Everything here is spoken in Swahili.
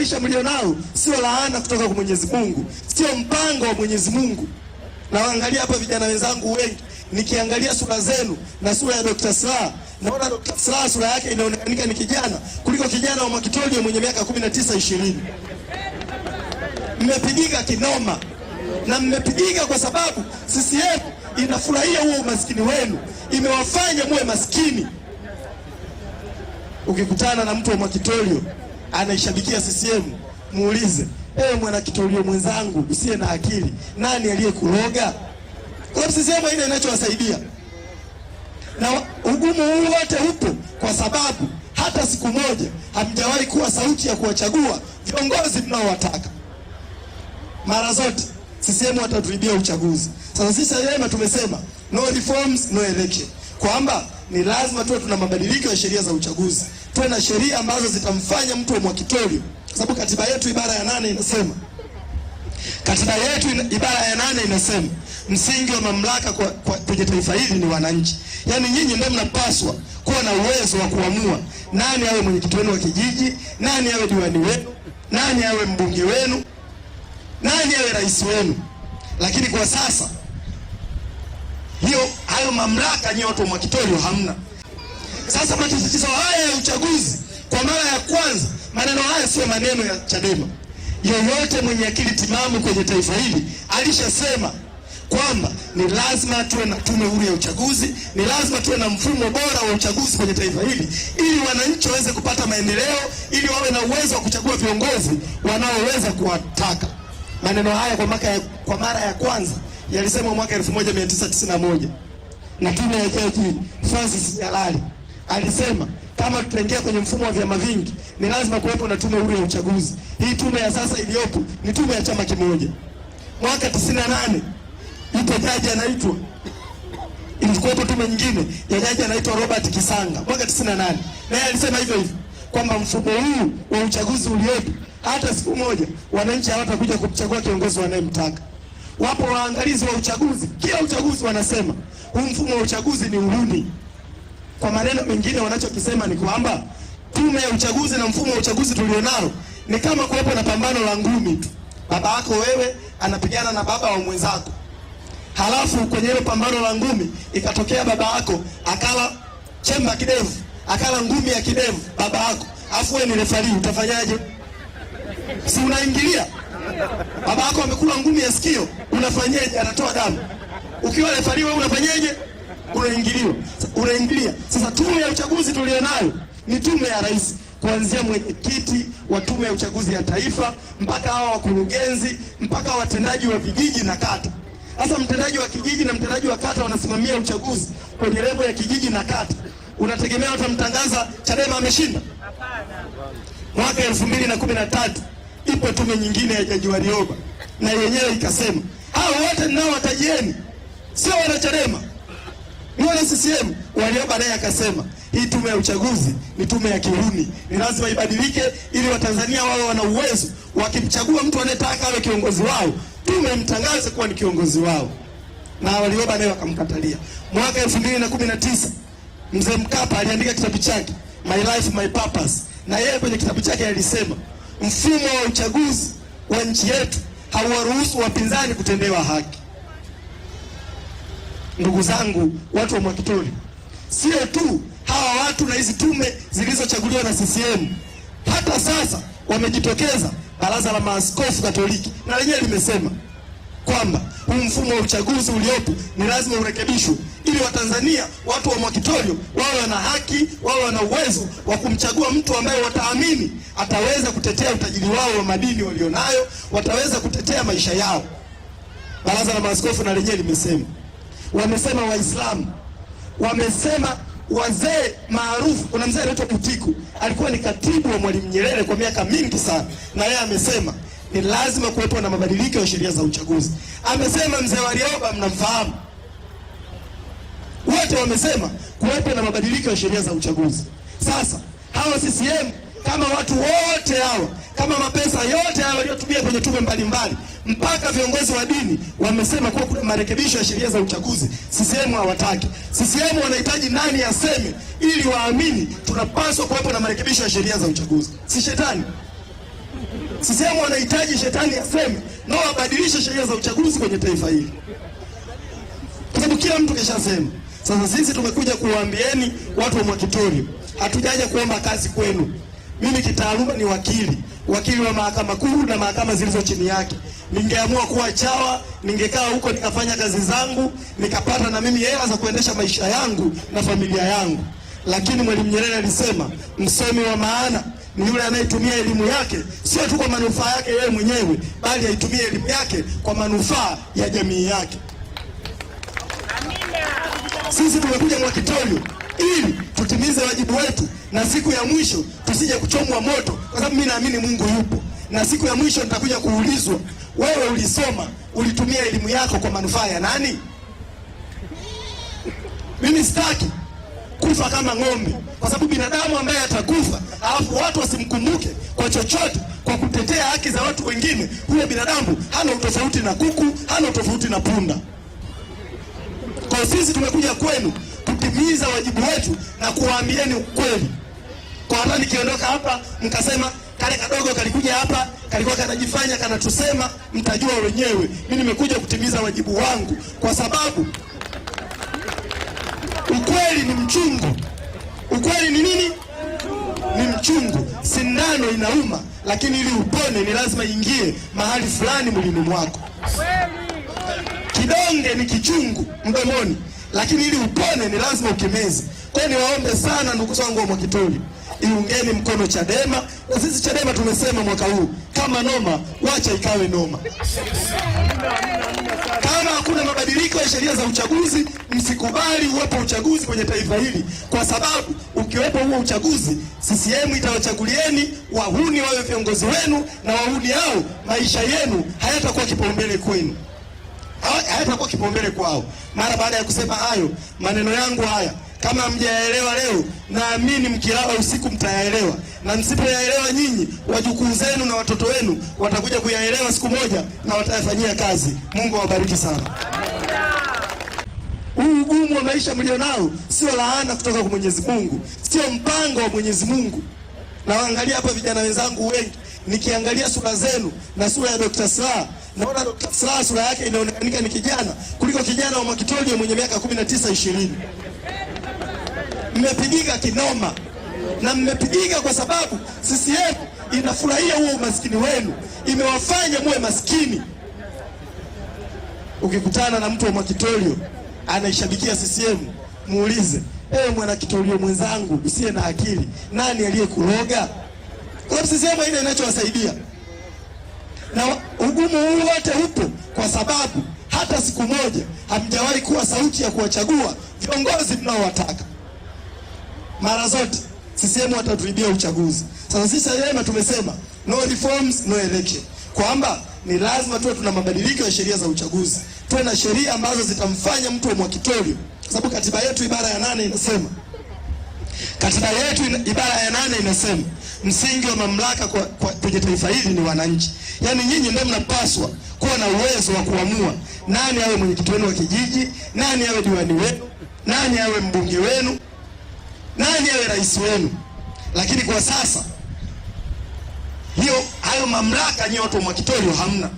maisha mlio nao sio laana kutoka kwa Mwenyezi Mungu, sio mpango wa Mwenyezi Mungu. Nawaangalia hapa vijana wenzangu wengi, nikiangalia sura zenu na sura ya Dr. Slaa naona Dr. Slaa sura yake inaonekanika ni kijana kuliko kijana wa Mwakitolio mwenye miaka 19 20. Mmepigika kinoma na mmepigika kwa sababu CCM inafurahia huo umaskini wenu, imewafanya muwe maskini. Ukikutana na mtu wa Mwakitolio anaishabikia CCM, muulize eh, mwana kitolio mwenzangu usiye na akili, nani aliyekuroga? Kwa sababu CCM haina inachowasaidia, na ugumu huu wote upo kwa sababu hata siku moja hamjawahi kuwa sauti ya kuwachagua viongozi mnaowataka. Mara zote CCM watatuibia uchaguzi. Sasa sisi Chadema tumesema no reforms no election, kwamba ni lazima tuwe tuna mabadiliko ya sheria za uchaguzi tena sheria ambazo zitamfanya mtu wa Mwakitolio, kwa sababu katiba yetu ibara ya nane inasema katiba yetu ibara ya nane inasema msingi wa mamlaka kwa, kwa, kwenye taifa hili ni wananchi. Yaani nyinyi ndio mnapaswa kuwa na uwezo wa kuamua nani awe mwenyekiti wenu wa kijiji, nani awe diwani wenu, nani awe mbunge wenu, nani awe rais wenu. Lakini kwa sasa hiyo hayo mamlaka nyinyi watu wa hamna. Sasa matatizo haya ya uchaguzi kwa mara ya kwanza, maneno haya sio maneno ya Chadema. Yoyote mwenye akili timamu kwenye taifa hili alishasema kwamba ni lazima tuwe na tume huru ya uchaguzi, ni lazima tuwe na mfumo bora wa uchaguzi kwenye taifa hili, ili wananchi waweze kupata maendeleo, ili wawe na uwezo wa kuchagua viongozi wanaoweza kuwataka. Maneno haya kwa, ya, kwa mara ya kwanza yalisemwa mwaka 1991 na tume ya Jaji Francis Jalali alisema kama tutaingia kwenye mfumo wa vyama vingi, ni lazima kuwepo na tume huru ya uchaguzi. Hii tume ya sasa iliyopo ni tume ya chama kimoja. Mwaka 98 ipo jaji anaitwa, ilikuwepo tume nyingine ya jaji anaitwa Robert Kisanga mwaka 98, naye alisema hivyo hivyo kwamba mfumo huu wa uchaguzi uliopo, hata siku moja wananchi hawatakuja kumchagua kiongozi wanayemtaka. Wapo waangalizi wa uchaguzi, kila uchaguzi wanasema huu mfumo wa uchaguzi ni uhuni. Kwa maneno mengine, wanachokisema ni kwamba tume ya uchaguzi na mfumo wa uchaguzi tulionao ni kama kuwepo na pambano la ngumi tu. Baba yako wewe anapigana na baba wa mwenzako, halafu kwenye hilo pambano la ngumi ikatokea baba yako akala chemba kidevu, akala ngumi ya kidevu baba yako, afu wewe ni refari, utafanyaje? Si unaingilia? Baba yako amekula ngumi ya sikio, unafanyaje? Anatoa damu. Ukiwa refari wewe unafanyaje? unaingiliwa, unaingilia. Sasa tume ya uchaguzi tulionayo ni tume ya rais kuanzia mwenyekiti wa tume ya uchaguzi ya taifa mpaka hawa wakurugenzi mpaka watendaji wa vijiji na kata. Sasa mtendaji wa kijiji na mtendaji wa kata wanasimamia uchaguzi kwenye lebo ya kijiji na kata. Unategemea utamtangaza Chadema ameshinda? Mwaka elfu mbili na kumi na tatu ipo tume nyingine ya Jaji Warioba na yenyewe ikasema hao wote nao watajieni, sio wanachadema Wana CCM waliomba naye akasema hii tume ya uchaguzi ni tume ya kiruni, ni lazima ibadilike ili Watanzania wao wana uwezo, wakimchagua mtu anayetaka awe kiongozi wao, tume mtangaze kuwa ni kiongozi wao, na waliomba naye wakamkatalia. Mwaka 2019 mzee Mkapa aliandika kitabu chake My Life My Purpose, na yeye kwenye kitabu chake alisema mfumo wa uchaguzi wa nchi yetu hauwaruhusu wapinzani kutendewa haki. Ndugu zangu, watu wa Mwakitoli, sio tu hawa watu na hizi tume zilizochaguliwa na CCM, hata sasa wamejitokeza Baraza la Maaskofu Katoliki na lenyewe limesema kwamba huu mfumo wa uchaguzi uliopo ni lazima urekebishwe ili Watanzania, watu wa Mwakitolyo wawe wana haki, wawe wana uwezo wa kumchagua mtu ambaye wataamini ataweza kutetea utajiri wao wa madini walionayo, wataweza kutetea maisha yao. Baraza la Maaskofu na lenyewe limesema wamesema Waislamu, wamesema wazee maarufu. Kuna mzee anaitwa Butiku, alikuwa ni katibu wa Mwalimu Nyerere kwa miaka mingi sana, na yeye amesema ni lazima kuwepo na mabadiliko ya sheria za uchaguzi. Amesema mzee Warioba, mnamfahamu wote, wamesema kuwepo na mabadiliko ya sheria za uchaguzi. Sasa hawa CCM kama watu wote hawa, kama mapesa yote hayo waliotumia kwenye tume mbalimbali mpaka viongozi wa dini wamesema kuwa kuna marekebisho ya sheria za uchaguzi. CCM hawataki. CCM wanahitaji nani aseme ili waamini tunapaswa kuwepo na marekebisho ya sheria za uchaguzi, si shetani. CCM wanahitaji shetani aseme na wabadilishe sheria za uchaguzi kwenye taifa hili, kwa sababu kila mtu kishasema. Sasa sisi tumekuja kuwaambieni watu wa Mwakitori, hatujaja kuomba kazi kwenu. Mimi kitaaluma ni wakili wakili wa mahakama kuu na mahakama zilizo chini yake. Ningeamua kuwa chawa, ningekaa huko nikafanya kazi zangu, nikapata na mimi hela za kuendesha maisha yangu na familia yangu. Lakini Mwalimu Nyerere alisema msomi wa maana ni yule anayetumia elimu yake sio tu kwa manufaa yake yeye mwenyewe, bali aitumie elimu yake kwa manufaa ya jamii yake. Sisi tumekuja Mwakitorio ili tutimize wajibu wetu, na siku ya mwisho tusije kuchomwa moto, kwa sababu mimi naamini Mungu yupo, na siku ya mwisho nitakuja kuulizwa, wewe ulisoma, ulitumia elimu yako kwa manufaa ya nani? Mimi sitaki kufa kama ng'ombe, kwa sababu binadamu ambaye atakufa alafu watu wasimkumbuke kwa chochote, kwa kutetea haki za watu wengine, huyo binadamu hana utofauti na kuku, hana utofauti na punda. Kwa sisi tumekuja kwenu kutimiza wajibu wetu na kuwaambieni ukweli, kwa hata nikiondoka hapa mkasema kale kadogo kalikuja hapa kalikuwa kanajifanya kanatusema, mtajua wenyewe. Mimi nimekuja kutimiza wajibu wangu, kwa sababu ukweli ni mchungu. Ukweli ni nini? Ni mchungu. Sindano inauma, lakini ili upone ni lazima ingie mahali fulani mwilini mwako. Kidonge ni kichungu mdomoni, lakini ili upone ni lazima ukimize. Kwa hiyo niwaombe sana ndugu zangu wa Mwakitoli, iungeni mkono Chadema na sisi Chadema tumesema mwaka huu kama noma, wacha ikawe noma. Kama hakuna mabadiliko ya sheria za uchaguzi, msikubali uwepo uchaguzi kwenye taifa hili, kwa sababu ukiwepo huo uchaguzi, CCM itawachagulieni wahuni wawe viongozi wenu, na wahuni hao maisha yenu hayatakuwa kipaumbele kwenu hayatakuwa kipaumbele kwao. Mara baada ya kusema hayo maneno yangu haya, kama mjayaelewa leo, naamini mkilala usiku mtayaelewa, na msipoyaelewa nyinyi, wajukuu zenu na watoto wenu watakuja kuyaelewa siku moja na watayafanyia kazi. Mungu awabariki sana. Huu ugumu wa maisha mlionao sio laana kutoka kwa Mwenyezi Mungu, sio mpango wa Mwenyezi Mungu. Nawaangalia hapa vijana wenzangu wengi, nikiangalia sura zenu na sura ya Dr. Slaa Naona Dr. Slaa sura yake inaonekanika ni kijana kuliko kijana wa mwakitolio mwenye miaka 19 20. Mmepigika kinoma na mmepigika kwa sababu CCM inafurahia huo umaskini wenu, imewafanya muwe maskini. Ukikutana na mtu wa Mwakitoryo anaishabikia CCM, muulize ewe eh, kitolio mwenzangu usiye na akili, nani aliyekuroga? Kwa sababu CCM haina inachowasaidia na Ugumu huu wote upo kwa sababu hata siku moja hamjawahi kuwa sauti ya kuwachagua viongozi mnaowataka. Mara zote CCM watatuibia uchaguzi. Sasa sisi Chadema tumesema no reforms no election, kwamba ni lazima tuwe tuna mabadiliko ya sheria za uchaguzi, tuwe na sheria ambazo zitamfanya mtu wa Mwakitorio, sababu katiba yetu ibara ya nane inasema, katiba yetu ibara ya nane inasema msingi wa mamlaka kwa, kwa kwenye taifa hili ni wananchi. Yaani nyinyi ndio mnapaswa kuwa na uwezo wa kuamua nani awe mwenyekiti wenu wa kijiji, nani awe diwani wenu, nani awe mbunge wenu, nani awe rais wenu. Lakini kwa sasa hiyo hayo mamlaka mwa kitorio hamna.